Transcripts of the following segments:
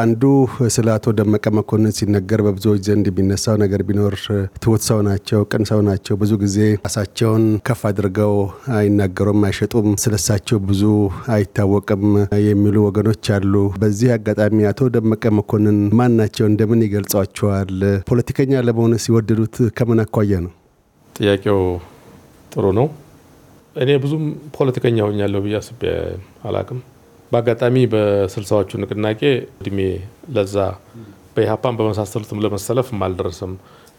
አንዱ ስለ አቶ ደመቀ መኮንን ሲነገር በብዙዎች ዘንድ የሚነሳው ነገር ቢኖር ትውት ሰው ናቸው፣ ቅን ሰው ናቸው። ብዙ ጊዜ ራሳቸውን ከፍ አድርገው አይናገሩም፣ አይሸጡም፣ ስለሳቸው ብዙ አይታወቅም የሚሉ ወገኖች አሉ። በዚህ አጋጣሚ አቶ ደመቀ መኮንን ማን ናቸው? እንደምን ይገልጿቸዋል? ፖለቲከኛ ለመሆነ ሲወደዱት ከምን አኳያ ነው? ጥያቄው ጥሩ ነው። እኔ ብዙም ፖለቲከኛ ሆኛለሁ ብዬ አስቤ አላቅም። በአጋጣሚ በስልሳዎቹ ንቅናቄ እድሜ ለዛ በኢህአፓን በመሳሰሉትም ለመሰለፍም አልደረስም።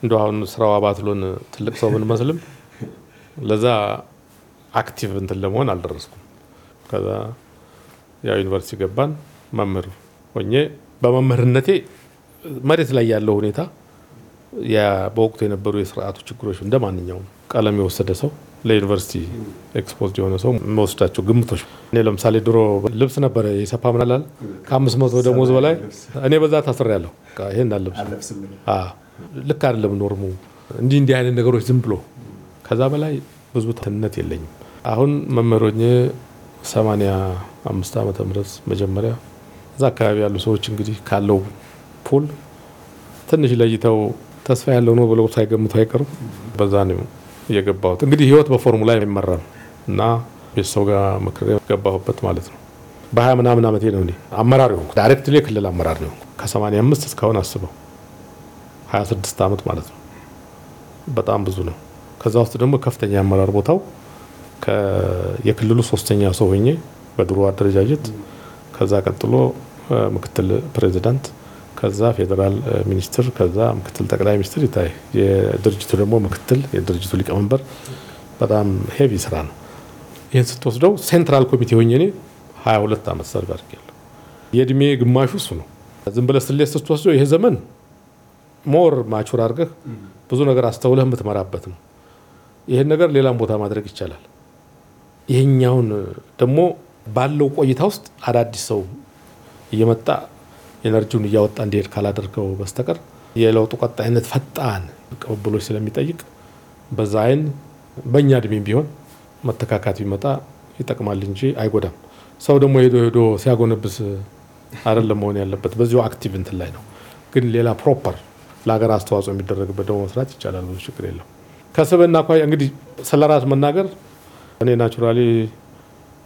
እንደ አሁን ስራው አባትሎን ትልቅ ሰው ብንመስልም ለዛ አክቲቭ እንትን ለመሆን አልደረስኩም። ከዛ ያው ዩኒቨርሲቲ ገባን። መምህር ሆኜ በመምህርነቴ መሬት ላይ ያለው ሁኔታ በወቅቱ የነበሩ የስርዓቱ ችግሮች እንደ ማንኛውም ቀለም የወሰደ ሰው ለዩኒቨርሲቲ ኤክስፖዝድ የሆነ ሰው መወስዳቸው ግምቶች እኔ ለምሳሌ ድሮ ልብስ ነበረ የሰፋ ምናላል ከአምስት መቶ ደሞዝ በላይ እኔ በዛ ታስሬያለሁ። ይሄን አለብስ ልክ አይደለም ኖርሙ እንዲህ እንዲህ አይነት ነገሮች ዝም ብሎ ከዛ በላይ ብዙ ትንነት የለኝም። አሁን መመሮኝ 85 ዓመተ ምህረት መጀመሪያ እዛ አካባቢ ያሉ ሰዎች እንግዲህ ካለው ፑል ትንሽ ለይተው ተስፋ ያለው ነው ብለው ሳይገምቱ አይቀሩም። በዛ ነው የገባሁት እንግዲህ ህይወት በፎርሙላ የሚመራ ነው እና ቤተሰው ጋር ምክር የገባሁበት ማለት ነው። በሀያ ምናምን ዓመቴ ነው እኔ አመራር ሆንኩ። ዳይሬክትሊ የክልል አመራር ነው ከ አምስት እስካሁን አስበው ስድስት ዓመት ማለት ነው። በጣም ብዙ ነው። ከዛ ውስጥ ደግሞ ከፍተኛ አመራር ቦታው የክልሉ ሶስተኛ ሰው ሆኜ በድሮ አደረጃጀት ከዛ ቀጥሎ ምክትል ፕሬዚዳንት ከዛ ፌዴራል ሚኒስትር ከዛ ምክትል ጠቅላይ ሚኒስትር ይታይ፣ የድርጅቱ ደግሞ ምክትል የድርጅቱ ሊቀመንበር በጣም ሄቪ ስራ ነው። ይህን ስትወስደው ሴንትራል ኮሚቴ ሆኜ እኔ 22 ዓመት ሰርግ አድርጌያለሁ። የእድሜ ግማሹ እሱ ነው። ዝም ብለህ ስሌት ስትወስደው ይሄ ዘመን ሞር ማቹር አድርገህ ብዙ ነገር አስተውለህ የምትመራበት ነው። ይህን ነገር ሌላም ቦታ ማድረግ ይቻላል። ይህኛውን ደግሞ ባለው ቆይታ ውስጥ አዳዲስ ሰው እየመጣ ኤነርጂውን እያወጣ እንዲሄድ ካላደርገው በስተቀር የለውጡ ቀጣይነት ፈጣን ቅብብሎች ስለሚጠይቅ በዛ አይን በእኛ እድሜ ቢሆን መተካካት ቢመጣ ይጠቅማል እንጂ አይጎዳም። ሰው ደግሞ ሄዶ ሄዶ ሲያጎነብስ አይደለም መሆን ያለበት። በዚሁ አክቲቭ እንትን ላይ ነው። ግን ሌላ ፕሮፐር ለሀገር አስተዋጽኦ የሚደረግበት ደግሞ መስራት ይቻላል። ብዙ ችግር የለው። ከስብና አኳያ እንግዲህ ስለ ራስ መናገር እኔ ናቹራሊ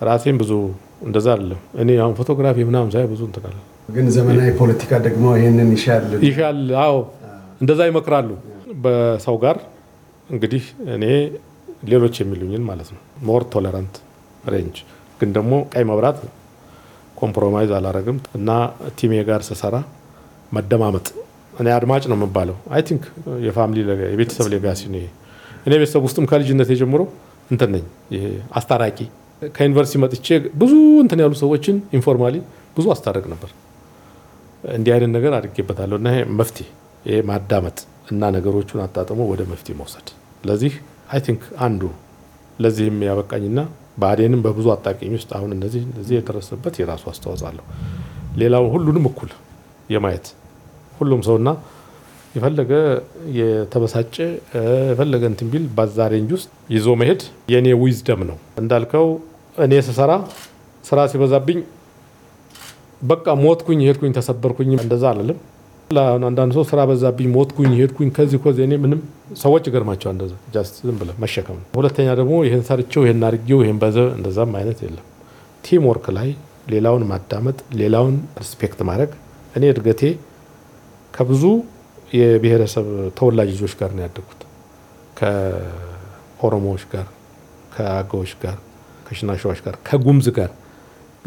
ራሴን ብዙ እንደዛ አይደለም። እኔ አሁን ፎቶግራፊ ምናምን ሳይ ብዙ እንትን አለ። ግን ዘመናዊ ፖለቲካ ደግሞ ይህንን ይሻል ይሻል። አዎ እንደዛ ይመክራሉ። በሰው ጋር እንግዲህ እኔ ሌሎች የሚሉኝን ማለት ነው ሞር ቶለራንት ሬንጅ ግን ደግሞ ቀይ መብራት ኮምፕሮማይዝ አላረግም እና ቲሜ ጋር ስሰራ መደማመጥ እኔ አድማጭ ነው የምባለው። አይ ቲንክ የፋሚሊ የቤተሰብ ሌጋሲ ነው ይሄ። እኔ ቤተሰብ ውስጥም ከልጅነት የጀምሮ እንትን ነኝ፣ ይሄ አስታራቂ ከዩኒቨርሲቲ መጥቼ ብዙ እንትን ያሉ ሰዎችን ኢንፎርማሊ ብዙ አስታረቅ ነበር። እንዲህ አይነት ነገር አድርጌበታለሁ እና መፍትሄ ይሄ ማዳመጥ እና ነገሮቹን አጣጥሞ ወደ መፍትሄ መውሰድ። ለዚህ አይ ቲንክ አንዱ ለዚህም ያበቃኝና በአዴንም በብዙ አጣቂኝ ውስጥ አሁን እነዚህ እዚህ የደረሰበት የራሱ አስተዋጽኦ አለው። ሌላው ሁሉንም እኩል የማየት ሁሉም ሰውና የፈለገ የተበሳጨ የፈለገ እንትን ቢል በዛ ሬንጅ ውስጥ ይዞ መሄድ የእኔ ዊዝደም ነው እንዳልከው እኔ ስሰራ ስራ ሲበዛብኝ በቃ ሞትኩኝ ሄድኩኝ ተሰበርኩኝ እንደዛ አለልም። አንዳንድ ሰው ስራ በዛብኝ ሞትኩኝ ሄድኩኝ ከዚህ ኮዝ እኔ ምንም ሰዎች ይገርማቸዋል። እንደዛ ጃስት ዝም ብለህ መሸከም ነው። ሁለተኛ ደግሞ ይህን ሰርቼው ይህን አድርጌው ይህን በዘ እንደዛም አይነት የለም። ቲም ወርክ ላይ ሌላውን ማዳመጥ፣ ሌላውን ሪስፔክት ማድረግ። እኔ እድገቴ ከብዙ የብሔረሰብ ተወላጅ ልጆች ጋር ነው ያደግኩት ከኦሮሞዎች ጋር ከአገዎች ጋር ከሽናሻዎች ጋር ከጉምዝ ጋር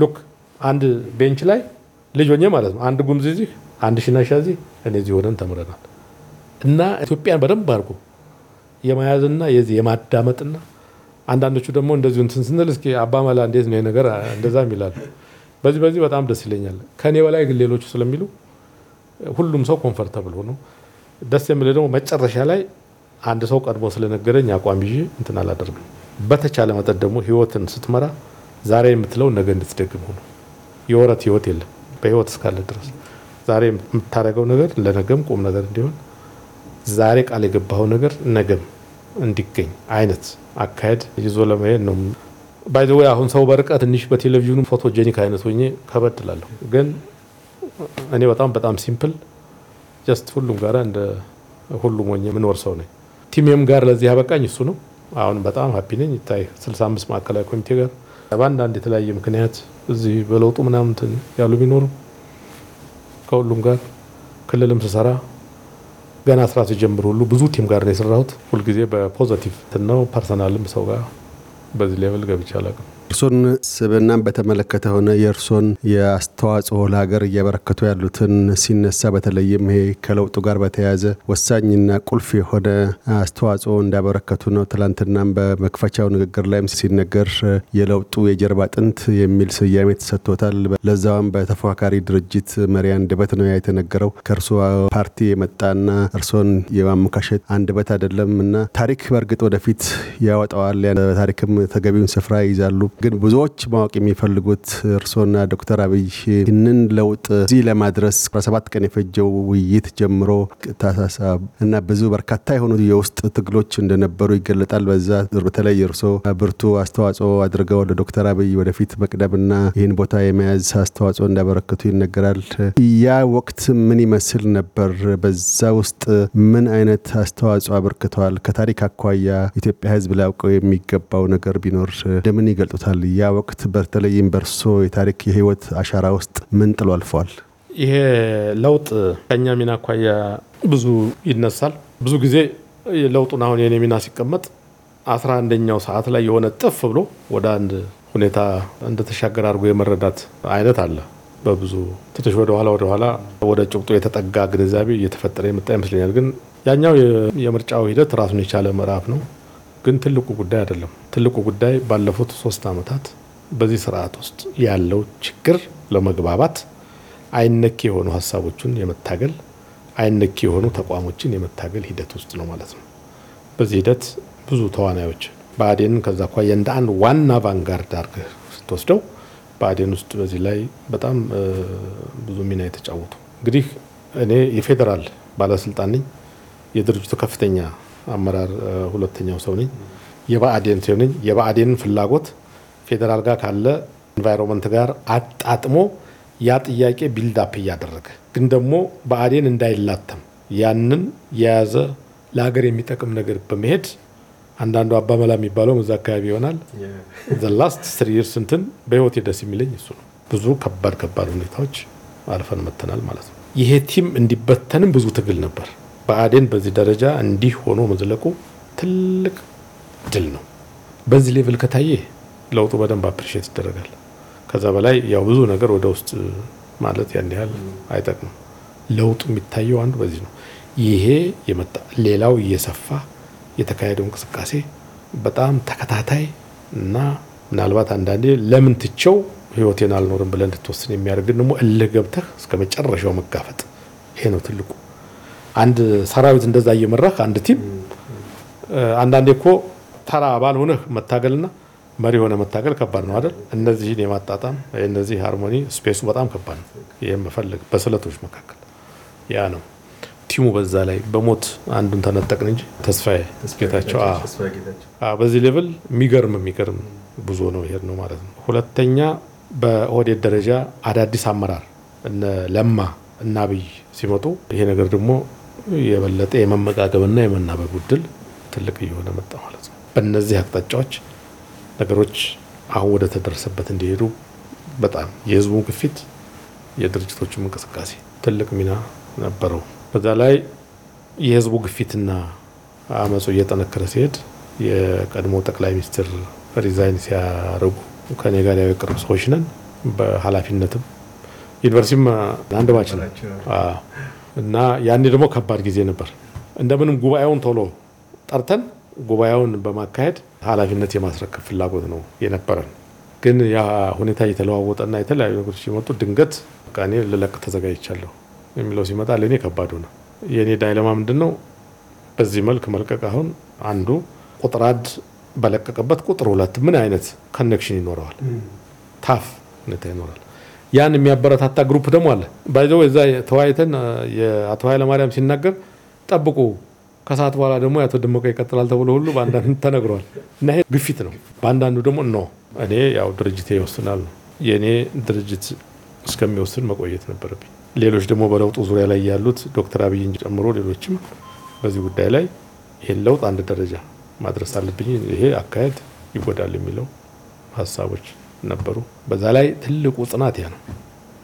ሉክ አንድ ቤንች ላይ ልጅ ሆኜ ማለት ነው። አንድ ጉምዝ እዚህ፣ አንድ ሽናሻ እዚህ፣ እኔ እዚህ ሆነን ተምረናል። እና ኢትዮጵያን በደንብ አድርጎ የመያዝና የዚህ የማዳመጥና አንዳንዶቹ ደግሞ እንደዚሁ እንትን ስንል እስኪ መላ እንዴት ነው ነገር እንደዛ ይላሉ። በዚህ በዚህ በጣም ደስ ይለኛል። ከኔ በላይ ግን ሌሎቹ ስለሚሉ ሁሉም ሰው ኮንፈርተብል ሆኖ ደስ የሚል ደግሞ መጨረሻ ላይ አንድ ሰው ቀድሞ ስለነገረኝ አቋም ይዤ እንትን አላደርግም። በተቻለ መጠን ደግሞ ህይወትን ስትመራ ዛሬ የምትለው ነገ እንድትደግም ሆነ። የወረት ህይወት የለም በህይወት እስካለ ድረስ ዛሬ የምታደርገው ነገር ለነገም ቁም ነገር እንዲሆን ዛሬ ቃል የገባኸው ነገር ነገም እንዲገኝ አይነት አካሄድ ይዞ ለመሄድ ነው። ባይዘወይ አሁን ሰው በርቀት ትንሽ በቴሌቪዥኑ ፎቶጀኒክ አይነት ሆኜ ከበድ እላለሁ፣ ግን እኔ በጣም በጣም ሲምፕል ጀስት ሁሉም ጋር እንደ ሁሉም ሆኜ የምኖር ሰው ነኝ። ቲሜም ጋር ለዚህ ያበቃኝ እሱ ነው። አሁን በጣም ሀፒ ነኝ። ይታይ 65 ማዕከላዊ ኮሚቴ ጋር በአንዳንድ የተለያየ ምክንያት እዚህ በለውጡ ምናምንትን ያሉ ቢኖሩ ከሁሉም ጋር ክልልም ስሰራ ገና ስራ ሲጀምር ሁሉ ብዙ ቲም ጋር ነው የሰራሁት። ሁልጊዜ በፖዘቲቭ ነው። ፐርሰናልም ሰው ጋር በዚህ ሌቭል ገብቼ አላውቅም። እርሶን ስብናን በተመለከተ ሆነ የእርሶን የአስተዋጽኦ ለሀገር እያበረከቱ ያሉትን ሲነሳ በተለይም ይሄ ከለውጡ ጋር በተያያዘ ወሳኝና ቁልፍ የሆነ አስተዋጽኦ እንዳበረከቱ ነው። ትላንትናም በመክፈቻው ንግግር ላይም ሲነገር የለውጡ የጀርባ አጥንት የሚል ስያሜ ተሰጥቶታል። ለዛውም በተፎካካሪ ድርጅት መሪ አንደበት ነው የተነገረው። ከእርሶ ፓርቲ የመጣና እርሶን የማሞካሸት አንደበት አይደለም እና ታሪክ በእርግጥ ወደፊት ያወጣዋል። ታሪክም ተገቢውን ስፍራ ይይዛሉ። ግን ብዙዎች ማወቅ የሚፈልጉት እርስዎና ዶክተር አብይ ይህንን ለውጥ እዚህ ለማድረስ 17 ቀን የፈጀው ውይይት ጀምሮ ታሳሳብ እና ብዙ በርካታ የሆኑ የውስጥ ትግሎች እንደነበሩ ይገለጣል። በዛ በተለይ እርስዎ ብርቱ አስተዋጽኦ አድርገው ለዶክተር አብይ ወደፊት መቅደምና ይህን ቦታ የመያዝ አስተዋጽኦ እንዳበረከቱ ይነገራል። ያ ወቅት ምን ይመስል ነበር? በዛ ውስጥ ምን አይነት አስተዋጽኦ አበርክተዋል? ከታሪክ አኳያ ኢትዮጵያ ሕዝብ ሊያውቀው የሚገባው ነገር ቢኖር እንደምን ይገልጡታል? ይመለከታል? ያ ወቅት በተለይም በእርሶ የታሪክ የህይወት አሻራ ውስጥ ምን ጥሎ አልፈዋል? ይሄ ለውጥ ከኛ ሚና አኳያ ብዙ ይነሳል። ብዙ ጊዜ ለውጡን አሁን የኔ ሚና ሲቀመጥ አስራ አንደኛው ሰዓት ላይ የሆነ ጥፍ ብሎ ወደ አንድ ሁኔታ እንደተሻገር አድርጎ የመረዳት አይነት አለ። በብዙ ትንሽ ወደኋላ ወደኋላ ወደ ጭብጦ የተጠጋ ግንዛቤ እየተፈጠረ የመጣ ይመስለኛል። ግን ያኛው የምርጫው ሂደት ራሱን የቻለ ምዕራፍ ነው። ግን ትልቁ ጉዳይ አይደለም። ትልቁ ጉዳይ ባለፉት ሶስት ዓመታት በዚህ ስርዓት ውስጥ ያለው ችግር ለመግባባት አይነኪ የሆኑ ሀሳቦችን የመታገል አይነኪ የሆኑ ተቋሞችን የመታገል ሂደት ውስጥ ነው ማለት ነው። በዚህ ሂደት ብዙ ተዋናዮች ብአዴንን ከዛ አኳያ እንደ አንድ ዋና ቫንጋርድ አድርገህ ስትወስደው ብአዴን ውስጥ በዚህ ላይ በጣም ብዙ ሚና የተጫወቱ እንግዲህ እኔ የፌዴራል ባለስልጣን ነኝ። የድርጅቱ ከፍተኛ አመራር ሁለተኛው ሰው ነኝ። የብአዴን ሰው ነኝ። የብአዴንን ፍላጎት ፌዴራል ጋር ካለ ኢንቫይሮንመንት ጋር አጣጥሞ ያ ጥያቄ ቢልዳፕ እያደረገ ግን ደግሞ ብአዴን እንዳይላተም ያንን የያዘ ለሀገር የሚጠቅም ነገር በመሄድ አንዳንዱ አባመላ የሚባለው እዛ አካባቢ ይሆናል። ዘላስት ስሪ ይርስ እንትን በህይወት ደስ የሚለኝ እሱ ነው። ብዙ ከባድ ከባድ ሁኔታዎች አልፈን መተናል ማለት ነው። ይሄ ቲም እንዲበተንም ብዙ ትግል ነበር። በአዴን በዚህ ደረጃ እንዲህ ሆኖ መዝለቁ ትልቅ ድል ነው። በዚህ ሌቭል ከታየ ለውጡ በደንብ አፕሪሼት ይደረጋል። ከዛ በላይ ያው ብዙ ነገር ወደ ውስጥ ማለት ያን ያህል አይጠቅምም። ለውጡ የሚታየው አንዱ በዚህ ነው። ይሄ የመጣ ሌላው እየሰፋ የተካሄደው እንቅስቃሴ በጣም ተከታታይ እና ምናልባት አንዳንዴ ለምን ትቸው ህይወቴን አልኖርም ብለን እንድትወስን የሚያደርግን ደግሞ እልህ ገብተህ እስከ መጨረሻው መጋፈጥ ይሄ ነው ትልቁ አንድ ሰራዊት እንደዛ እየመራህ አንድ ቲም አንዳንዴ እኮ ተራ አባል ሆነህ መታገልና መሪ ሆነ መታገል ከባድ ነው አይደል? እነዚህን የማጣጣም እነዚህ ሃርሞኒ ስፔሱ በጣም ከባድ ነው። ይህ መፈልግ በስለቶች መካከል ያ ነው ቲሙ። በዛ ላይ በሞት አንዱን ተነጠቅን እንጂ ተስፋዬ ጌታቸው በዚህ ሌቭል የሚገርም የሚገርም ብዙ ነው ይሄድ ነው ማለት ነው። ሁለተኛ በኦህዴድ ደረጃ አዳዲስ አመራር እነ ለማ እና አብይ ሲመጡ ይሄ ነገር ደግሞ የበለጠ የመመጋገብና የመናበብ እድል ትልቅ እየሆነ መጣ ማለት ነው። በእነዚህ አቅጣጫዎች ነገሮች አሁን ወደ ተደረሰበት እንዲሄዱ በጣም የህዝቡ ግፊት፣ የድርጅቶችም እንቅስቃሴ ትልቅ ሚና ነበረው። በዛ ላይ የህዝቡ ግፊትና አመፁ እየጠነከረ ሲሄድ የቀድሞ ጠቅላይ ሚኒስትር ሪዛይን ሲያደርጉ ከኔ ጋር የቅርብ ሰዎች ነን። በኃላፊነትም ዩኒቨርሲቲም አንድ ነው እና ያኔ ደግሞ ከባድ ጊዜ ነበር። እንደምንም ጉባኤውን ቶሎ ጠርተን ጉባኤውን በማካሄድ ኃላፊነት የማስረከብ ፍላጎት ነው የነበረን። ግን ያ ሁኔታ እየተለዋወጠና የተለያዩ ነገሮች ሲመጡ ድንገት እኔ ልለቅ ተዘጋጅቻለሁ የሚለው ሲመጣ ለእኔ ከባዱ ነው። የእኔ ዳይለማ ምንድን ነው? በዚህ መልክ መልቀቅ አሁን አንዱ ቁጥር አንድ በለቀቀበት ቁጥር ሁለት ምን አይነት ኮኔክሽን ይኖረዋል? ታፍ ሁኔታ ይኖራል። ያን የሚያበረታታ ግሩፕ ደግሞ አለ። ባይዘ እዛ ተወያይተን የአቶ ኃይለማርያም ሲናገር ጠብቁ ከሰዓት በኋላ ደግሞ የአቶ ደመቀ ይቀጥላል ተብሎ ሁሉ በአንዳንድ ተነግሯል። እና ይሄ ግፊት ነው። በአንዳንዱ ደግሞ ኖ እኔ ያው ድርጅቴ ይወስናል፣ የእኔ ድርጅት እስከሚወስን መቆየት ነበረብኝ። ሌሎች ደግሞ በለውጡ ዙሪያ ላይ ያሉት ዶክተር አብይን ጨምሮ ሌሎችም በዚህ ጉዳይ ላይ ይህን ለውጥ አንድ ደረጃ ማድረስ አለብኝ፣ ይሄ አካሄድ ይጎዳል የሚለው ሀሳቦች ነበሩ። በዛ ላይ ትልቁ ጽናት ያ ነው።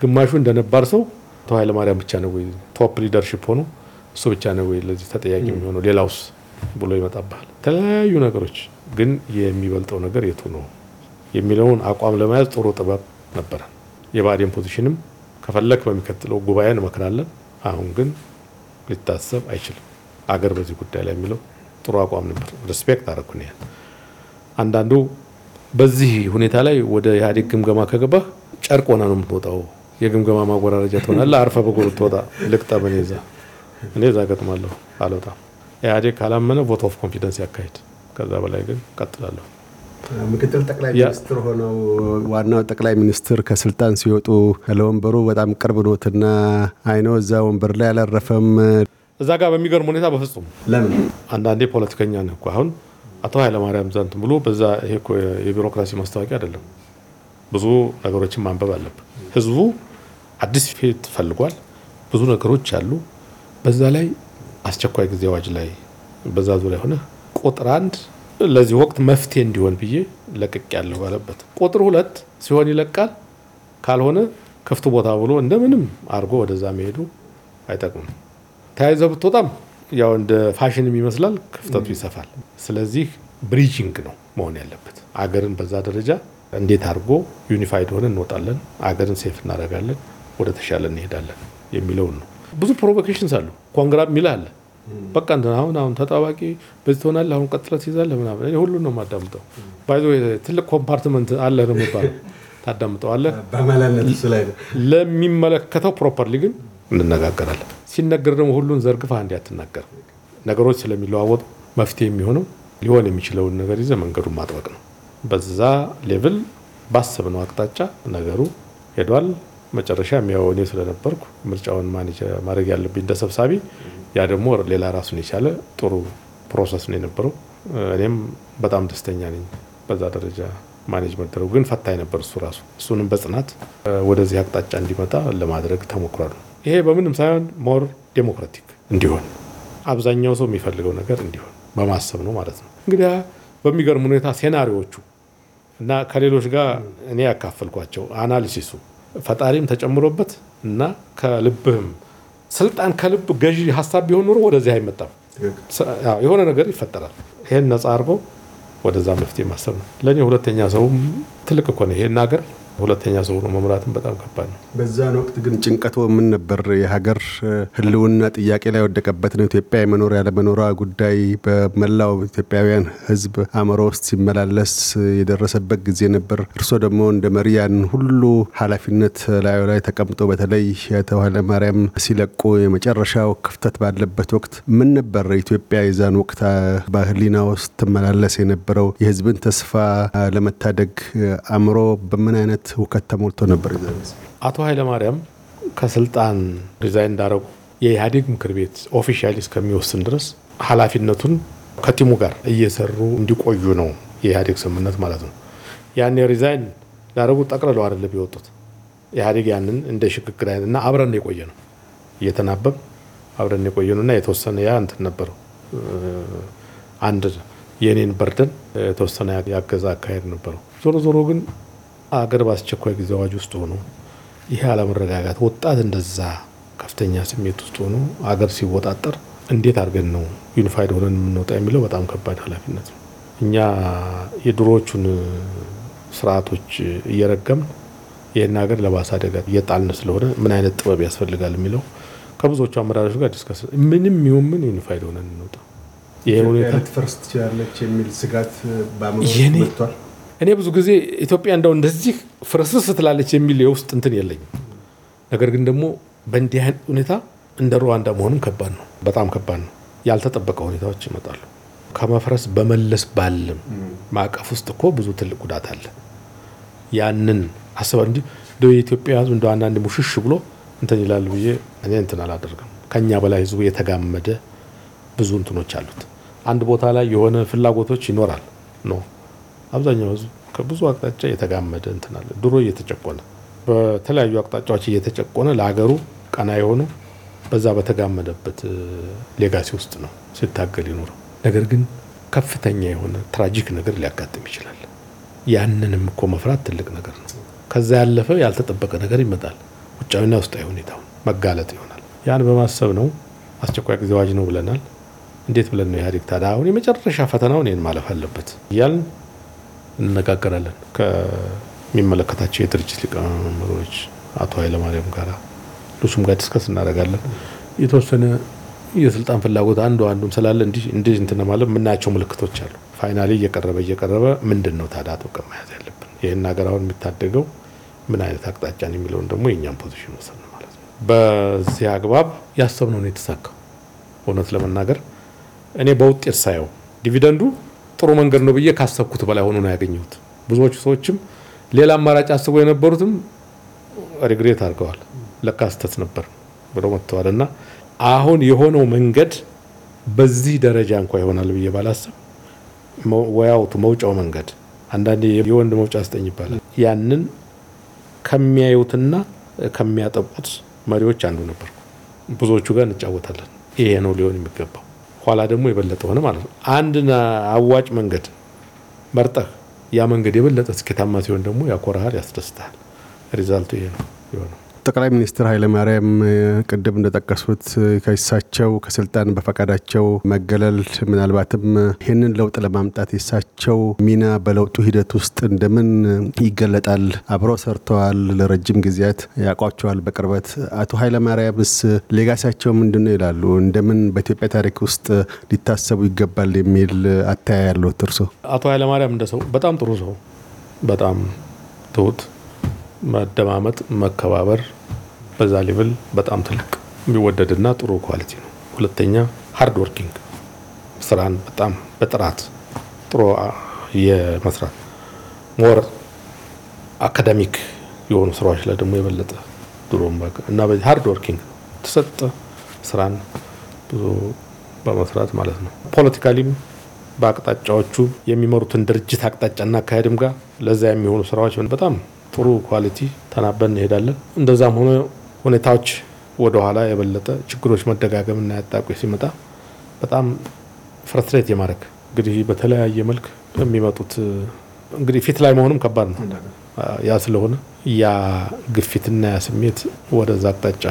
ግማሹ እንደነባር ሰው አቶ ኃይለማርያም ብቻ ነው ወይ ቶፕ ሊደርሺፕ ሆኖ እሱ ብቻ ነው ወይ ለዚህ ተጠያቂ የሚሆነው ሌላውስ ብሎ ይመጣብሃል። የተለያዩ ነገሮች ግን የሚበልጠው ነገር የቱ ነው የሚለውን አቋም ለመያዝ ጥሩ ጥበብ ነበረ። የባዴን ፖዚሽንም ከፈለክ በሚቀጥለው ጉባኤ እንመክራለን፣ አሁን ግን ሊታሰብ አይችልም አገር በዚህ ጉዳይ ላይ የሚለው ጥሩ አቋም ነበር። ሪስፔክት አረኩን ያህል አንዳንዱ በዚህ ሁኔታ ላይ ወደ ኢህአዴግ ግምገማ ከገባህ ጨርቅ ሆና ነው የምትወጣው። የግምገማ ማጎራረጃ ትሆናለህ። አርፈ በጎሩ ትወጣ ልቅጠ በኔዛ እኔ እዛ ገጥማለሁ አልወጣም። ኢህአዴግ ካላመነ ቮት ኦፍ ኮንፊደንስ ያካሄድ። ከዛ በላይ ግን ቀጥላለሁ። ምክትል ጠቅላይ ሚኒስትር ሆነው ዋናው ጠቅላይ ሚኒስትር ከስልጣን ሲወጡ ለወንበሩ በጣም ቅርብ ኖትና አይኖ እዛ ወንበር ላይ አላረፈም። እዛ ጋር በሚገርም ሁኔታ በፍጹም ለምን አንዳንዴ ፖለቲከኛ ነህ እኮ አሁን አቶ ኃይለማርያም ዛንት ብሎ በዛ ይሄ እኮ የቢሮክራሲ ማስታወቂያ አይደለም። ብዙ ነገሮችን ማንበብ አለብን። ህዝቡ አዲስ ፊት ፈልጓል። ብዙ ነገሮች አሉ። በዛ ላይ አስቸኳይ ጊዜ አዋጅ ላይ በዛ ዙሪያ ሆነ ቁጥር አንድ ለዚህ ወቅት መፍትሄ እንዲሆን ብዬ ለቅቅ ያለው ባለበት ቁጥር ሁለት ሲሆን ይለቃል፣ ካልሆነ ክፍት ቦታ ብሎ እንደምንም አድርጎ ወደዛ መሄዱ አይጠቅምም። ተያይዘ ብትወጣም ያው እንደ ፋሽንም ይመስላል፣ ክፍተቱ ይሰፋል። ስለዚህ ብሪጅንግ ነው መሆን ያለበት። አገርን በዛ ደረጃ እንዴት አድርጎ ዩኒፋይድ ሆነ እንወጣለን፣ አገርን ሴፍ እናደርጋለን፣ ወደ ተሻለ እንሄዳለን የሚለውን ነው። ብዙ ፕሮቮኬሽንስ አሉ። ኮንግራ የሚል አለ። በቃ እንትን አሁን አሁን ተጣባቂ በዚህ ትሆናለህ፣ አሁን ቀጥለት ይዛለ ምናምን። እኔ ሁሉን ነው የማዳምጠው። ባይዞ ትልቅ ኮምፓርትመንት አለ ነው የሚባለው። ታዳምጠዋለህ። ለሚመለከተው ፕሮፐርሊ ግን እንነጋገራለን። ሲነገር ደግሞ ሁሉን ዘርግፋ አንድ አትናገር። ነገሮች ስለሚለዋወጡ መፍትሄ የሚሆነው ሊሆን የሚችለውን ነገር ይዘ መንገዱን ማጥበቅ ነው። በዛ ሌቭል ባሰብነው አቅጣጫ ነገሩ ሄዷል። መጨረሻ የሚያው እኔ ስለነበርኩ ምርጫውን ማኔጅ ማድረግ ያለብኝ እንደ ሰብሳቢ፣ ያ ደግሞ ሌላ ራሱን የቻለ ጥሩ ፕሮሰስ ነው የነበረው። እኔም በጣም ደስተኛ ነኝ በዛ ደረጃ ማኔጅ መደረጉ። ግን ፈታኝ ነበር እሱ ራሱ። እሱንም በጽናት ወደዚህ አቅጣጫ እንዲመጣ ለማድረግ ተሞክሯል። ይሄ በምንም ሳይሆን ሞር ዴሞክራቲክ እንዲሆን አብዛኛው ሰው የሚፈልገው ነገር እንዲሆን በማሰብ ነው ማለት ነው። እንግዲህ በሚገርም ሁኔታ ሴናሪዎቹ እና ከሌሎች ጋር እኔ ያካፈልኳቸው አናሊሲሱ ፈጣሪም ተጨምሮበት እና ከልብህም ስልጣን ከልብ ገዢ ሀሳብ ቢሆን ኑሮ ወደዚህ አይመጣም። የሆነ ነገር ይፈጠራል። ይሄን ነጻ አድርጎ ወደዛ መፍትሄ ማሰብ ነው ለእኔ ሁለተኛ ሰውም ትልቅ እኮ ነው ይሄን ሀገር ሁለተኛ ሰው ነው መምራትም በጣም ከባድ ነው። በዛን ወቅት ግን ጭንቀቶ ምን ነበር? የሀገር ህልውና ጥያቄ ላይ ወደቀበት ነው። ኢትዮጵያ የመኖር ያለመኖሯ ጉዳይ በመላው ኢትዮጵያውያን ህዝብ አእምሮ ውስጥ ሲመላለስ የደረሰበት ጊዜ ነበር። እርስዎ ደግሞ እንደ መሪ ያን ሁሉ ኃላፊነት ላዩ ላይ ተቀምጦ በተለይ አቶ ኃይለማርያም ሲለቁ የመጨረሻው ክፍተት ባለበት ወቅት ምን ነበር ኢትዮጵያ የዛን ወቅት በህሊና ውስጥ ትመላለስ የነበረው የህዝብን ተስፋ ለመታደግ አእምሮ በምን አይነት ውከት ተሞልቶ ነበር። አቶ ኃይለማርያም ከስልጣን ሪዛይን እንዳረጉ የኢህአዴግ ምክር ቤት ኦፊሻሊ እስከሚወስን ድረስ ኃላፊነቱን ከቲሙ ጋር እየሰሩ እንዲቆዩ ነው የኢህአዴግ ስምምነት ማለት ነው። ያን ሪዛይን ላረጉ ጠቅልለው አይደለም የወጡት። ኢህአዴግ ያንን እንደ ሽግግር አይነት እና አብረን የቆየ ነው እየተናበብ አብረን የቆየ ነው እና የተወሰነ ያ እንትን ነበረው አንድ የኔን በርደን የተወሰነ ያገዛ አካሄድ ነበረው። ዞሮ ዞሮ ግን አገር በአስቸኳይ ጊዜ አዋጅ ውስጥ ሆኖ ይሄ አለመረጋጋት ወጣት እንደዛ ከፍተኛ ስሜት ውስጥ ሆኖ አገር ሲወጣጠር እንዴት አድርገን ነው ዩኒፋይድ ሆነን የምንወጣ የሚለው በጣም ከባድ ኃላፊነት ነው። እኛ የድሮዎቹን ስርዓቶች እየረገምን ይህን ሀገር ለባሰ አደጋ እየጣልን ስለሆነ ምን አይነት ጥበብ ያስፈልጋል የሚለው ከብዙዎቹ አመራሮች ጋር ዲስከስ ምንም ይሁን ምን ዩኒፋይድ ሆነን እንወጣ ይሄ ሁኔታ ትፈርስ ትችላለች የሚል ስጋት በአምሮ መጥቷል። እኔ ብዙ ጊዜ ኢትዮጵያ እንደው እንደዚህ ፍርስርስ ትላለች የሚል የውስጥ እንትን የለኝም። ነገር ግን ደግሞ በእንዲህ አይነት ሁኔታ እንደ ሩዋንዳ መሆኑም ከባድ ነው፣ በጣም ከባድ ነው። ያልተጠበቀ ሁኔታዎች ይመጣሉ። ከመፍረስ በመለስ ባለም ማዕቀፍ ውስጥ እኮ ብዙ ትልቅ ጉዳት አለ። ያንን አስበ እንዲ እንደ የኢትዮጵያ ሕዝብ እንደ አንዳንድ ሙሽሽ ብሎ እንትን ይላል ብዬ እኔ እንትን አላደርግም። ከኛ በላይ ሕዝቡ የተጋመደ ብዙ እንትኖች አሉት። አንድ ቦታ ላይ የሆነ ፍላጎቶች ይኖራል ነው አብዛኛው ህዝብ ከብዙ አቅጣጫ የተጋመደ እንትናለ ድሮ እየተጨቆነ በተለያዩ አቅጣጫዎች እየተጨቆነ ለሀገሩ ቀና የሆኑ በዛ በተጋመደበት ሌጋሲ ውስጥ ነው ሲታገል ይኖረው። ነገር ግን ከፍተኛ የሆነ ትራጂክ ነገር ሊያጋጥም ይችላል። ያንንም እኮ መፍራት ትልቅ ነገር ነው። ከዛ ያለፈ ያልተጠበቀ ነገር ይመጣል። ውጫዊና ውስጣዊ ሁኔታውን መጋለጥ ይሆናል። ያን በማሰብ ነው አስቸኳይ ጊዜ አዋጅ ነው ብለናል። እንዴት ብለን ነው ኢህአዴግ ታዲያ አሁን የመጨረሻ ፈተናውን ይህን ማለፍ አለበት እያልን እንነጋገራለን ከሚመለከታቸው የድርጅት ሊቀመንበሮች አቶ ኃይለማርያም ጋር ልሱም ጋር ዲስከስ እናደርጋለን። የተወሰነ የስልጣን ፍላጎት አንዱ አንዱም ስላለ እንዲህ እንዲህ እንትን ማለት የምናያቸው ምልክቶች አሉ። ፋይናሊ እየቀረበ እየቀረበ ምንድን ነው ታዲያ አጥብቀን መያዝ ያለብን ይህን ሀገር አሁን የሚታደገው ምን አይነት አቅጣጫን የሚለውን ደግሞ የእኛም ፖዚሽን ወሰን ማለት ነው። በዚህ አግባብ ያሰብነው ነው የተሳካው። እውነት ለመናገር እኔ በውጤት ሳየው ዲቪደንዱ ጥሩ መንገድ ነው ብዬ ካሰብኩት በላይ ሆኖ ነው ያገኘሁት። ብዙዎቹ ሰዎችም ሌላ አማራጭ አስበው የነበሩትም ሪግሬት አድርገዋል። ለካ ስህተት ነበር ብለው መጥተዋል። እና አሁን የሆነው መንገድ በዚህ ደረጃ እንኳ ይሆናል ብዬ ባላሰብ ወያውቱ መውጫው መንገድ አንዳንዴ የወንድ መውጫ አስጠኝ ይባላል። ያንን ከሚያዩትና ከሚያጠቁት መሪዎች አንዱ ነበር። ብዙዎቹ ጋር እንጫወታለን። ይሄ ነው ሊሆን የሚገባው። ኋላ ደግሞ የበለጠ ሆነ ማለት ነው። አንድን አዋጭ መንገድ መርጠህ ያ መንገድ የበለጠ ስኬታማ ሲሆን ደግሞ ያኮራሃል፣ ያስደስታል። ሪዛልቱ ይሄ ነው የሆነው። ጠቅላይ ሚኒስትር ኃይለማርያም ቅድም እንደጠቀሱት ከእሳቸው ከስልጣን በፈቃዳቸው መገለል ምናልባትም ይህንን ለውጥ ለማምጣት የእሳቸው ሚና በለውጡ ሂደት ውስጥ እንደምን ይገለጣል? አብረው ሰርተዋል፣ ለረጅም ጊዜያት ያውቋቸዋል በቅርበት። አቶ ኃይለማርያምስ ሌጋሲያቸው ምንድን ነው ይላሉ? እንደምን በኢትዮጵያ ታሪክ ውስጥ ሊታሰቡ ይገባል የሚል አተያይ ያለት እርሶ? አቶ ኃይለማርያም እንደ ሰው በጣም ጥሩ ሰው፣ በጣም ትሁት መደማመጥ፣ መከባበር በዛ ሌቭል በጣም ትልቅ የሚወደድና ጥሩ ኳሊቲ ነው። ሁለተኛ ሀርድ ወርኪንግ ስራን በጣም በጥራት ጥሩ የመስራት ሞር አካደሚክ የሆኑ ስራዎች ላይ ደግሞ የበለጠ ድሮም እና በዚህ ሀርድ ወርኪንግ ተሰጠ ስራን ብዙ በመስራት ማለት ነው። ፖለቲካሊም በአቅጣጫዎቹ የሚመሩትን ድርጅት አቅጣጫና አካሄድም ጋር ለዛ የሚሆኑ ስራዎች በጣም ጥሩ ኳሊቲ ተናበን እንሄዳለን። እንደዛም ሆኖ ሁኔታዎች ወደኋላ የበለጠ ችግሮች መደጋገም እና ያጣቁ ሲመጣ በጣም ፍረስትሬት የማድረግ እንግዲህ በተለያየ መልክ የሚመጡት እንግዲህ ፊት ላይ መሆኑም ከባድ ነው። ያ ስለሆነ ያ ግፊትና ያ ስሜት ወደዛ አቅጣጫ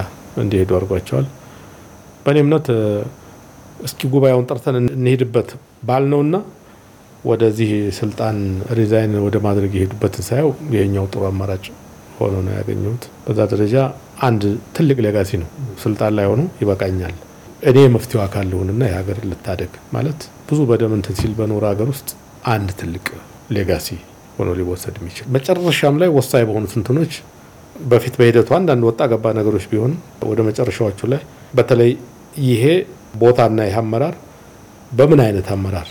እንዲሄዱ አድርጓቸዋል። በእኔ እምነት እስኪ ጉባኤውን ጠርተን እንሄድበት ባል ነውና ወደዚህ ስልጣን ሪዛይን ወደ ማድረግ የሄዱበትን ሳየው ይሄኛው ጥሩ አማራጭ ሆኖ ነው ያገኘሁት። በዛ ደረጃ አንድ ትልቅ ሌጋሲ ነው። ስልጣን ላይ ሆኖ ይበቃኛል፣ እኔ የመፍትሄው አካል ልሁንና የሀገር ልታደግ ማለት ብዙ በደም እንትን ሲል በኖረ ሀገር ውስጥ አንድ ትልቅ ሌጋሲ ሆኖ ሊወሰድ የሚችል መጨረሻም ላይ ወሳኝ በሆኑት እንትኖች በፊት በሂደቱ አንዳንድ ወጣ ገባ ነገሮች ቢሆንም ወደ መጨረሻዎቹ ላይ በተለይ ይሄ ቦታና ይህ አመራር በምን አይነት አመራር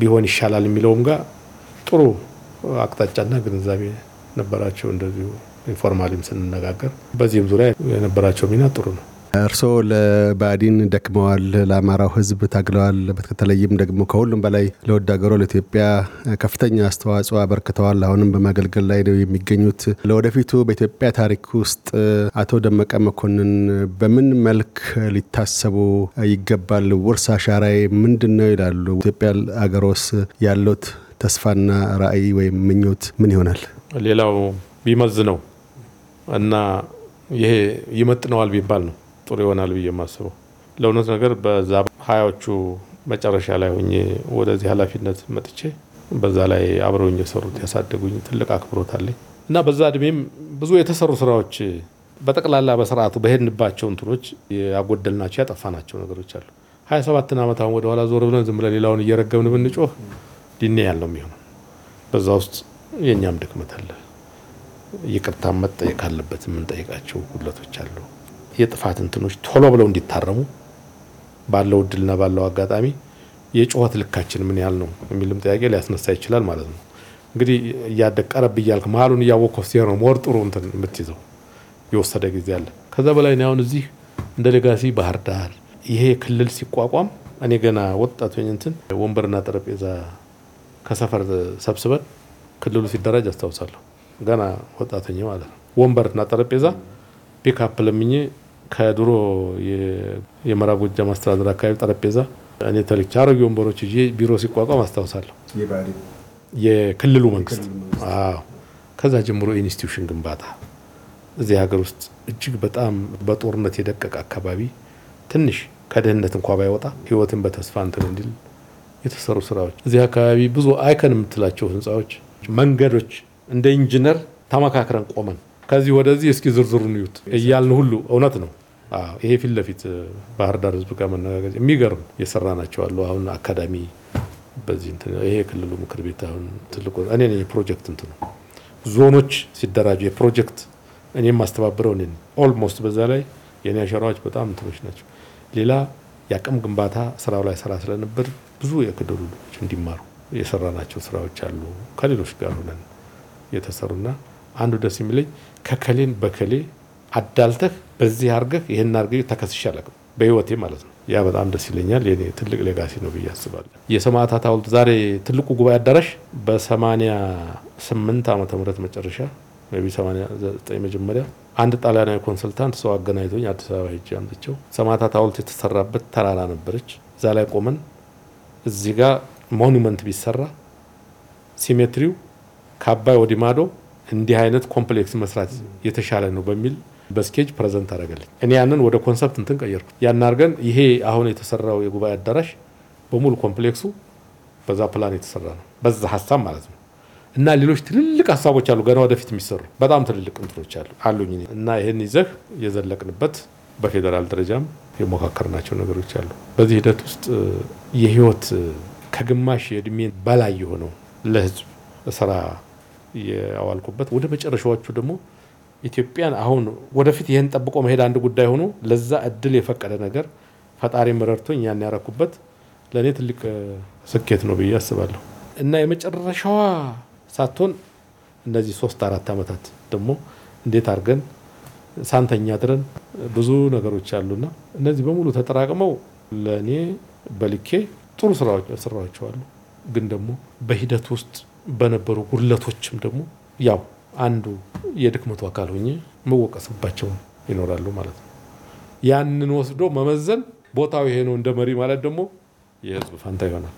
ቢሆን ይሻላል የሚለውም ጋር ጥሩ አቅጣጫና ግንዛቤ ነበራቸው። እንደዚሁ ኢንፎርማሊም ስንነጋገር በዚህም ዙሪያ የነበራቸው ሚና ጥሩ ነው። እርስዎ ለባዲን ደክመዋል፣ ለአማራው ህዝብ ታግለዋል። በተለይም ደግሞ ከሁሉም በላይ ለወድ ሀገሮ ለኢትዮጵያ ከፍተኛ አስተዋጽኦ አበርክተዋል። አሁንም በማገልገል ላይ ነው የሚገኙት። ለወደፊቱ በኢትዮጵያ ታሪክ ውስጥ አቶ ደመቀ መኮንን በምን መልክ ሊታሰቡ ይገባል? ውርስ አሻራዬ ምንድን ነው ይላሉ? ኢትዮጵያ አገሮስ ያሉት ተስፋና ራዕይ ወይም ምኞት ምን ይሆናል? ሌላው ቢመዝ ነው እና ይሄ ይመጥነዋል ቢባል ነው ጥሩ ይሆናል ብዬ የማስበው ለእውነት ነገር በዛ ሀያዎቹ መጨረሻ ላይ ሆኜ ወደዚህ ኃላፊነት መጥቼ በዛ ላይ አብረውኝ የሰሩት ያሳደጉኝ ትልቅ አክብሮት አለኝ እና በዛ እድሜም ብዙ የተሰሩ ስራዎች በጠቅላላ በስርዓቱ በሄድንባቸው እንትኖች ያጎደልናቸው ያጠፋናቸው ነገሮች አሉ። ሀያ ሰባትን ዓመት አሁን ወደኋላ ዞር ብለን ዝም ብለን ሌላውን እየረገብን ብንጮህ ሊኔ ያለው የሚሆነው በዛ ውስጥ የእኛም ድክመት አለ። ይቅርታ መጠየቅ አለበት። የምንጠይቃቸው ጉድለቶች አሉ። የጥፋት እንትኖች ቶሎ ብለው እንዲታረሙ ባለው እድልና ባለው አጋጣሚ የጩኸት ልካችን ምን ያህል ነው የሚልም ጥያቄ ሊያስነሳ ይችላል ማለት ነው። እንግዲህ እያደቀረብ እያልክ መሀሉን እያወቅከው ስትሄድ ነው ሞር ጥሩ እንትን የምትይዘው የወሰደ ጊዜ አለ። ከዛ በላይ አሁን እዚህ እንደ ሌጋሲ ባህር ዳር ይሄ ክልል ሲቋቋም እኔ ገና ወጣት እንትን ወንበርና ጠረጴዛ ከሰፈር ሰብስበን ክልሉ ሲደራጅ አስታውሳለሁ። ገና ወጣተኛ ማለት ነው። ወንበርና ጠረጴዛ ፒካፕ ለምኜ ከድሮ የምዕራብ ጎጃም አስተዳደር አካባቢ ጠረጴዛ እኔ ተልቻ አረጊ ወንበሮች እ ቢሮ ሲቋቋም አስታውሳለሁ። የክልሉ መንግስት ከዛ ጀምሮ ኢንስቲቱሽን ግንባታ እዚህ ሀገር ውስጥ እጅግ በጣም በጦርነት የደቀቀ አካባቢ ትንሽ ከደህንነት እንኳ ባይወጣ ህይወትን በተስፋ እንትን እንዲል የተሰሩ ስራዎች እዚህ አካባቢ ብዙ አይከን የምትላቸው ህንፃዎች፣ መንገዶች እንደ ኢንጂነር ተመካክረን ቆመን ከዚህ ወደዚህ እስኪ ዝርዝሩን ይዩት እያልን ሁሉ እውነት ነው። ይሄ ፊት ለፊት ባህር ዳር ህዝብ ጋር መነጋገር የሚገርም የሰራ ናቸው አሉ። አሁን አካዳሚ በዚህ ይሄ የክልሉ ምክር ቤት አሁን ትልቁ እኔ የፕሮጀክት እንት ነው ዞኖች ሲደራጁ የፕሮጀክት እኔ የማስተባብረው እኔ ኦልሞስት በዛ ላይ የእኔ አሸራዎች በጣም እንትኖች ናቸው። ሌላ የአቅም ግንባታ ስራው ላይ ስራ ስለነበር ብዙ የክልሉ ልጆች እንዲማሩ ናቸው ስራዎች አሉ ከሌሎች ጋር ሆነን የተሰሩና አንዱ ደስ የሚለኝ ከከሌን በከሌ አዳልተህ በዚህ አርገህ ይህን አርገ ተከስሼ አላውቅም በህይወቴ ማለት ነው። ያ በጣም ደስ ይለኛል። የኔ ትልቅ ሌጋሲ ነው ብዬ አስባለሁ። የሰማዕታት ሐውልት ዛሬ ትልቁ ጉባኤ አዳራሽ በ ስምንት ዓመተ ምህረት መጨረሻ ቢ 89 መጀመሪያ አንድ ጣሊያናዊ ኮንሰልታንት ሰው አገናኝቶኝ አዲስ አበባ ሄጄ አምጥቼው ሰማዕታት ሐውልት የተሰራበት ተራራ ነበረች። እዛ ላይ ቆመን እዚህ ጋር ሞኒመንት ቢሰራ ሲሜትሪው ከአባይ ወዲህ ማዶ እንዲህ አይነት ኮምፕሌክስ መስራት የተሻለ ነው በሚል በስኬጅ ፕሬዘንት አደረገልኝ። እኔ ያንን ወደ ኮንሰፕት እንትን ቀየርኩ። ያን አርገን ይሄ አሁን የተሰራው የጉባኤ አዳራሽ በሙሉ ኮምፕሌክሱ በዛ ፕላን የተሰራ ነው፣ በዛ ሀሳብ ማለት ነው። እና ሌሎች ትልልቅ ሀሳቦች አሉ ገና ወደፊት የሚሰሩ በጣም ትልልቅ እንትኖች አሉ አሉኝ እና ይህን ይዘህ የዘለቅንበት በፌዴራል ደረጃም የሞካከርናቸው ነገሮች አሉ። በዚህ ሂደት ውስጥ የህይወት ከግማሽ የእድሜ በላይ የሆነው ለህዝብ ስራ ያዋልኩበት ወደ መጨረሻዎቹ ደግሞ ኢትዮጵያን አሁን ወደፊት ይህን ጠብቆ መሄድ አንድ ጉዳይ ሆኖ ለዛ እድል የፈቀደ ነገር ፈጣሪ መረድቶኝ ያን ያረኩበት ለእኔ ትልቅ ስኬት ነው ብዬ አስባለሁ እና የመጨረሻዋ ሳትሆን እነዚህ ሶስት አራት ዓመታት ደግሞ እንዴት አድርገን ሳንተኛ ድረን ብዙ ነገሮች አሉና እነዚህ በሙሉ ተጠራቅመው ለእኔ በልኬ ጥሩ ስራዎች አሉ። ግን ደግሞ በሂደት ውስጥ በነበሩ ጉድለቶችም ደግሞ ያው አንዱ የድክመቱ አካል ሆኜ መወቀስባቸው ይኖራሉ ማለት ነው። ያንን ወስዶ መመዘን ቦታው ይሄ ነው እንደ መሪ ማለት ደግሞ የህዝብ ፋንታ ይሆናል።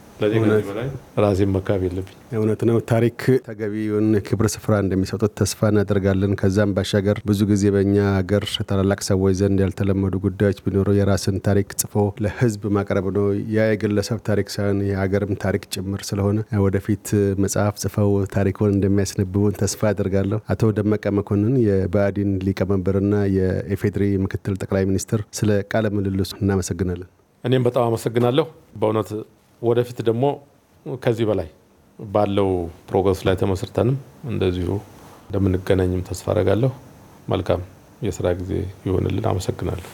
ራሴን መካብ የለብኝ። እውነት ነው። ታሪክ ተገቢውን ክብር ስፍራ እንደሚሰጡት ተስፋ እናደርጋለን። ከዛም ባሻገር ብዙ ጊዜ በእኛ ሀገር ታላላቅ ሰዎች ዘንድ ያልተለመዱ ጉዳዮች ቢኖሩ የራስን ታሪክ ጽፎ ለህዝብ ማቅረብ ነው። ያ የግለሰብ ታሪክ ሳይሆን የሀገርም ታሪክ ጭምር ስለሆነ ወደፊት መጽሐፍ ጽፈው ታሪክን እንደሚያስነብቡን ተስፋ አደርጋለሁ። አቶ ደመቀ መኮንን የባዲን ሊቀመንበርና የኤፌድሪ ምክትል ጠቅላይ ሚኒስትር፣ ስለ ቃለ ምልልሱ እናመሰግናለን። እኔም በጣም አመሰግናለሁ። በእውነት ወደፊት ደግሞ ከዚህ በላይ ባለው ፕሮግረስ ላይ ተመስርተንም እንደዚሁ እንደምንገናኝም ተስፋ አረጋለሁ። መልካም የስራ ጊዜ ይሆንልን። አመሰግናለሁ።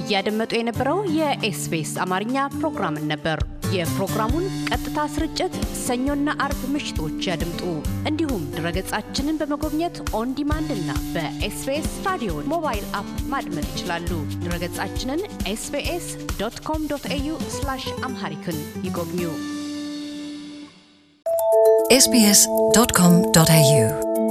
እያደመጡ የነበረው የኤስፔስ አማርኛ ፕሮግራምን ነበር። የፕሮግራሙን ቀጥታ ስርጭት ሰኞና አርብ ምሽቶች ያድምጡ እንዲሁ ድረገጻችንን በመጎብኘት ኦን ዲማንድ እና በኤስቤስ ራዲዮ ሞባይል አፕ ማድመጥ ይችላሉ። ድረገጻችንን ኤስቤስ ዶት ኮም ዶት ኤዩ አምሃሪክን ይጎብኙ። ኤስቤስ ዶት ኮም ዶት ኤዩ